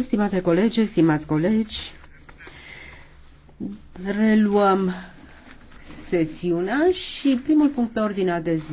Stimate colegi, stimați colegi, reluăm sesiunea și primul punct pe ordinea de zi.